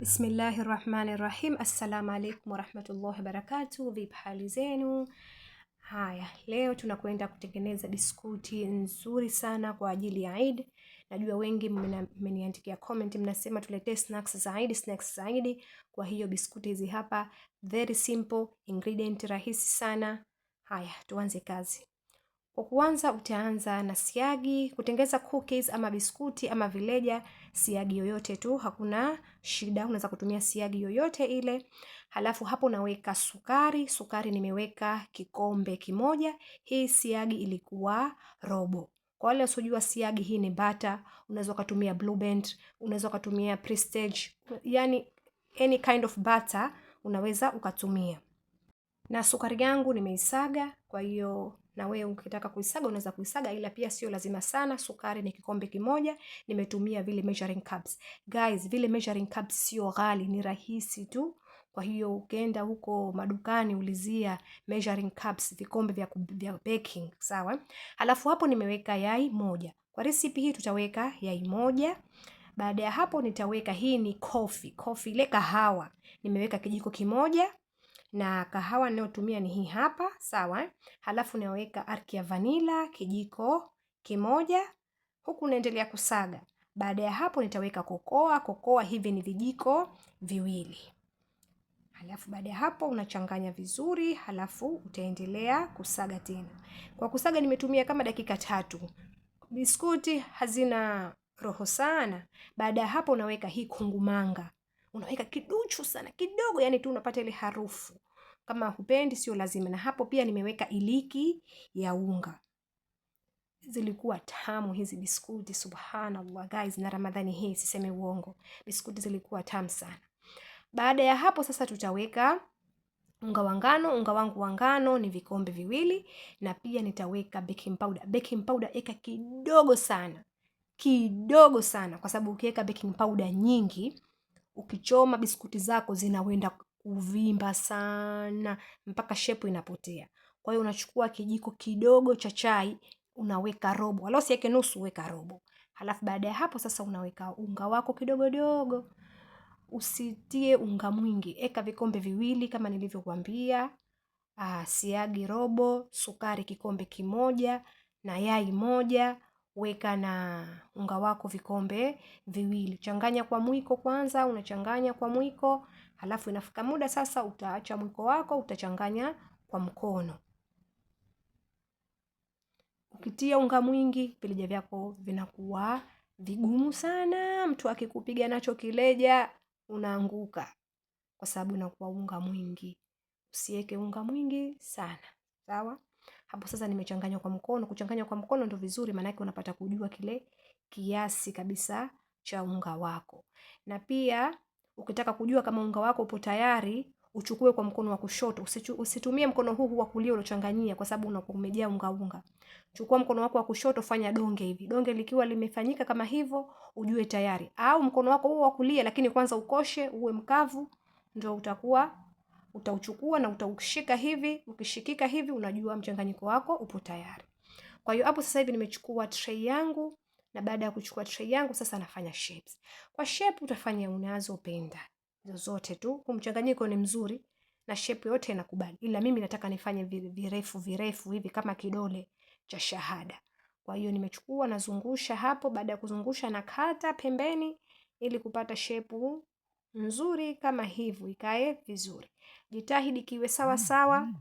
Bismillahi rahmani rahim. Assalamu alaikum warahmatullahi wabarakatu. Vipi hali zenu? Haya, leo tunakwenda kutengeneza biskuti nzuri sana kwa ajili ya Eid. Najua wengi mmeniandikia comment, mnasema tuletee snacks za Eid, snacks za Eid. Kwa hiyo biskuti hizi hapa, very simple ingredient, rahisi sana. Haya, tuanze kazi. Kwa kuanza utaanza na siagi, kutengeza cookies ama biskuti ama vileja, siagi yoyote tu, hakuna shida, unaweza kutumia siagi yoyote ile. Halafu hapo naweka sukari, sukari nimeweka kikombe kimoja, hii siagi ilikuwa robo. Kwa wale wasiojua siagi hii ni bata, unaweza ukatumia Blue Band, unaweza ukatumia Prestige, yani any kind of butter unaweza ukatumia na sukari yangu nimeisaga. Kwa hiyo na wewe ukitaka kuisaga unaweza kuisaga, ila pia sio lazima sana. Sukari ni kikombe kimoja, nimetumia vile measuring cups. Guys, vile measuring cups sio ghali, ni rahisi tu. Kwa hiyo ukienda huko madukani ulizia measuring cups, vikombe vya, vya baking sawa. Halafu hapo nimeweka yai moja. Kwa recipe hii tutaweka yai moja. Baada ya hapo nitaweka hii ni coffee, coffee ile kahawa. Nimeweka kijiko kimoja na kahawa ninayotumia ni hii hapa, sawa. Halafu naweka arki ya vanila kijiko kimoja, huku naendelea kusaga. Baada ya hapo nitaweka kokoa. Kokoa hivi ni vijiko viwili. Halafu baada ya hapo unachanganya vizuri, halafu utaendelea kusaga tena. Kwa kusaga nimetumia kama dakika tatu. Biskuti hazina roho sana. Baada ya hapo unaweka hii kungumanga unaweka kiduchu sana kidogo, yani tu unapata ile harufu. Kama hupendi, sio lazima. Na hapo pia nimeweka iliki ya unga. Zilikuwa tamu hizi biskuti, subhanallah guys, na Ramadhani hii siseme uongo, biskuti zilikuwa tamu sana. Baada ya hapo sasa tutaweka unga wa ngano. Unga wangu wa ngano ni vikombe viwili, na pia nitaweka baking powder. Baking powder eka kidogo sana, kidogo sana, kwa sababu ukiweka baking powder nyingi Ukichoma biskuti zako zinawenda kuvimba sana mpaka shepu inapotea. Kwa hiyo unachukua kijiko kidogo cha chai unaweka robo, wala usiweke nusu, weka robo. Halafu baada ya hapo sasa unaweka unga wako kidogo dogo, usitie unga mwingi. Eka vikombe viwili kama nilivyokuambia, ah, siagi robo, sukari kikombe kimoja na yai moja weka na unga wako vikombe viwili, changanya kwa mwiko kwanza, unachanganya kwa mwiko, halafu inafika muda sasa utaacha mwiko wako, utachanganya kwa mkono. Ukitia unga mwingi, vileja vyako vinakuwa vigumu sana, mtu akikupiga nacho kileja unaanguka, kwa sababu inakuwa unga mwingi. Usiweke unga mwingi sana, sawa hapo sasa nimechanganya kwa mkono. Kuchanganya kwa mkono ndio vizuri, maana yake unapata kujua kile kiasi kabisa cha unga wako. Na pia ukitaka kujua kama unga wako upo tayari, uchukue kwa mkono wa kushoto, usitumie mkono huu wa kulia uliochanganyia, kwa sababu unakuwa umejaa unga unga. Chukua mkono wako wa kushoto, fanya donge hivi. Donge likiwa limefanyika kama hivyo, ujue tayari. Au mkono wako huu wa kulia, lakini kwanza ukoshe uwe mkavu, ndio utakuwa utauchukua na utaushika hivi, ukishikika hivi unajua mchanganyiko wako upo tayari. Kwa hiyo hapo sasa hivi nimechukua tray yangu na baada ya kuchukua tray yangu sasa nafanya shapes. Kwa shape utafanya unazopenda. Zozote tu. Mchanganyiko ni mzuri na shape yote inakubali. Ila mimi nataka nifanye virefu virefu hivi kama kidole cha shahada. Kwa hiyo nimechukua nazungusha hapo, baada ya kuzungusha nakata pembeni ili kupata shape nzuri kama hivi ikae vizuri. Jitahidi kiwe sawa mm, sawa mm.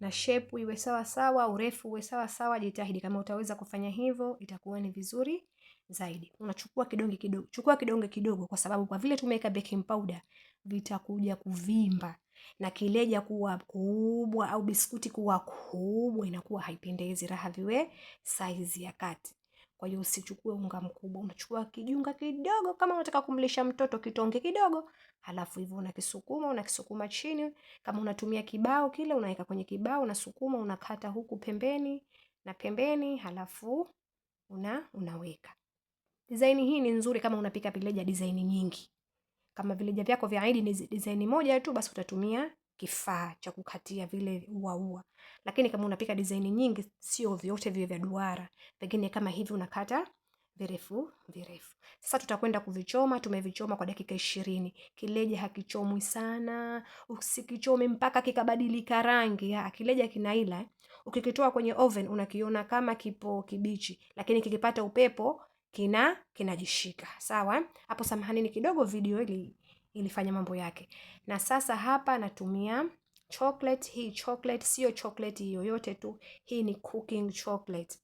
na shape iwe sawa sawa, urefu uwe sawa sawa. Jitahidi kama utaweza kufanya hivyo, itakuwa ni vizuri zaidi. Unachukua kidonge kidogo, chukua kidonge kidogo, kwa sababu kwa vile tumeweka baking powder vitakuja kuvimba na kileja kuwa kubwa au biskuti kuwa kubwa inakuwa haipendezi. Raha viwe saizi ya kati. Kwa hiyo usichukue unga mkubwa, unachukua kijunga kidogo, kama unataka kumlisha mtoto kitonge kidogo, halafu hivyo unakisukuma unakisukuma chini. Kama unatumia kibao kile, unaweka kwenye kibao, unasukuma, unakata huku pembeni na pembeni, halafu una unaweka. Design hii ni nzuri kama unapika vileja design nyingi. Kama vileja vyako vya Eid ni design moja tu, basi utatumia kifaa cha kukatia vile uaua. Lakini kama unapika design nyingi, sio vyote viwe vya duara, pengine kama hivi unakata virefu virefu. Sasa tutakwenda kuvichoma. Tumevichoma kwa dakika ishirini. Kileja hakichomwi sana, usikichome mpaka kikabadilika rangi. Ah, kileja kinaila, ukikitoa kwenye oven unakiona kama kipo kibichi, lakini kikipata upepo kina kinajishika. Sawa, hapo samahanini kidogo, video ili ilifanya mambo yake. Na sasa hapa natumia chocolate. Hii chocolate siyo chocolate yoyote tu, hii ni cooking chocolate.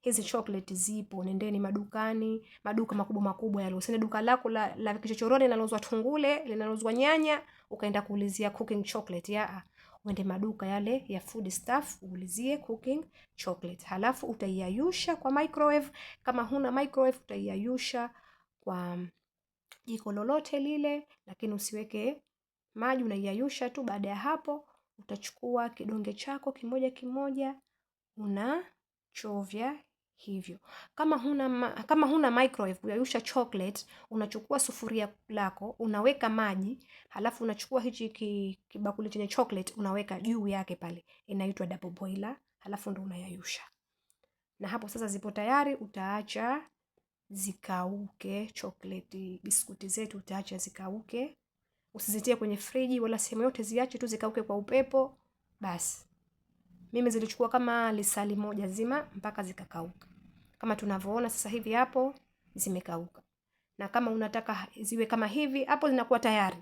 Hizi chocolate zipo, nendeni madukani, maduka makubwa makubwa yale. Usiende duka lako la, la kichochoroni linalouzwa tungule, linalouzwa nyanya, ukaenda kuulizia cooking chocolate ya uende maduka yale ya food stuff uulizie cooking chocolate, halafu utaiayusha kwa microwave. Kama huna microwave, utaiayusha kwa jiko lolote lile, lakini usiweke maji, unaiyayusha tu. Baada ya hapo, utachukua kidonge chako kimoja kimoja, unachovya hivyo. Kama huna, ma kama huna microwave kuyayusha chocolate, unachukua sufuria lako unaweka maji, halafu unachukua hichi kibakuli chenye chocolate unaweka juu yake pale, inaitwa double boiler, halafu ndo unayayusha na hapo sasa zipo tayari, utaacha zikauke. chokleti biskuti zetu utaacha zikauke, usizitie kwenye friji wala sehemu yote, ziache tu zikauke kwa upepo basi. Mimi zilichukua kama lisali moja zima mpaka zikakauka, kama tunavyoona sasa hivi hapo zimekauka. Na kama unataka ziwe kama hivi hapo linakuwa tayari,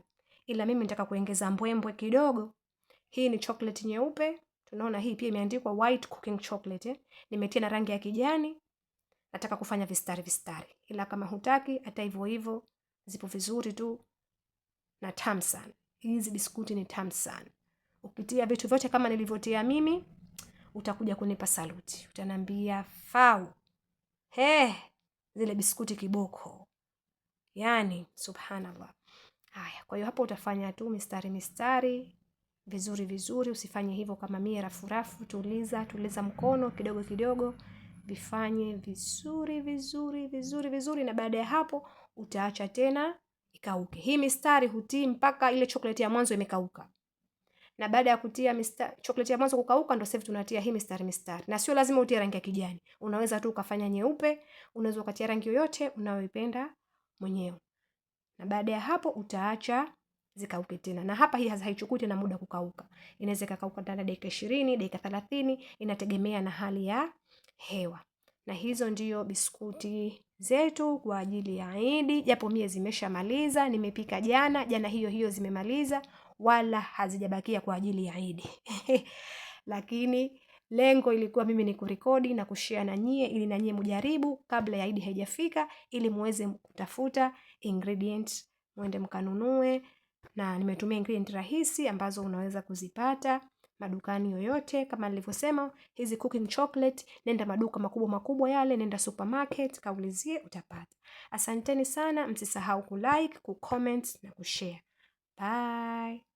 ila mimi nitaka kuongeza mbwembwe kidogo. Hii ni chocolate nyeupe, tunaona hii pia imeandikwa white cooking chocolate eh. Nimetia na rangi ya kijani nataka kufanya vistari vistari, ila kama hutaki hata hivyo hivyo, zipo vizuri tu na tamu sana. Hizi biskuti ni tamu sana. Ukitia vitu vyote kama nilivyotia mimi, utakuja kunipa saluti, utanambia fau. He, zile biskuti kiboko, yani subhanallah. Haya, kwa hiyo hapo utafanya tu mistari mistari vizuri vizuri, usifanye hivyo kama mie rafurafu. Tuliza tuliza mkono kidogo kidogo vifanye vizuri vizuri vizuri vizuri, na baada ya hapo utaacha tena ikauke. Hii mistari hutii mpaka ile chokoleti ya mwanzo imekauka, na baada ya kutia mistari chokoleti ya mwanzo kukauka, ndo sasa tunatia hii mistari mistari, na sio lazima utie rangi ya kijani, unaweza tu ukafanya nyeupe, unaweza ukatia rangi yoyote unayoipenda mwenyewe, na baada ya hapo utaacha zikauke tena. Na hapa hii haichukui tena muda kukauka, inaweza ikakauka ndani ya dakika ishirini, dakika thelathini, inategemea na hali ya hewa. Na hizo ndiyo biskuti zetu kwa ajili ya Idi, japo mie zimeshamaliza, nimepika jana jana hiyo hiyo zimemaliza, wala hazijabakia kwa ajili ya Idi lakini lengo ilikuwa mimi ni kurekodi na kushare na nyie, ili na nyie mjaribu kabla ya Idi haijafika, ili muweze kutafuta ingredient muende mkanunue, na nimetumia ingredient rahisi ambazo unaweza kuzipata madukani yoyote kama nilivyosema hizi cooking chocolate nenda maduka makubwa makubwa yale nenda supermarket kaulizie utapata asanteni sana msisahau kulike kucomment na kushare bye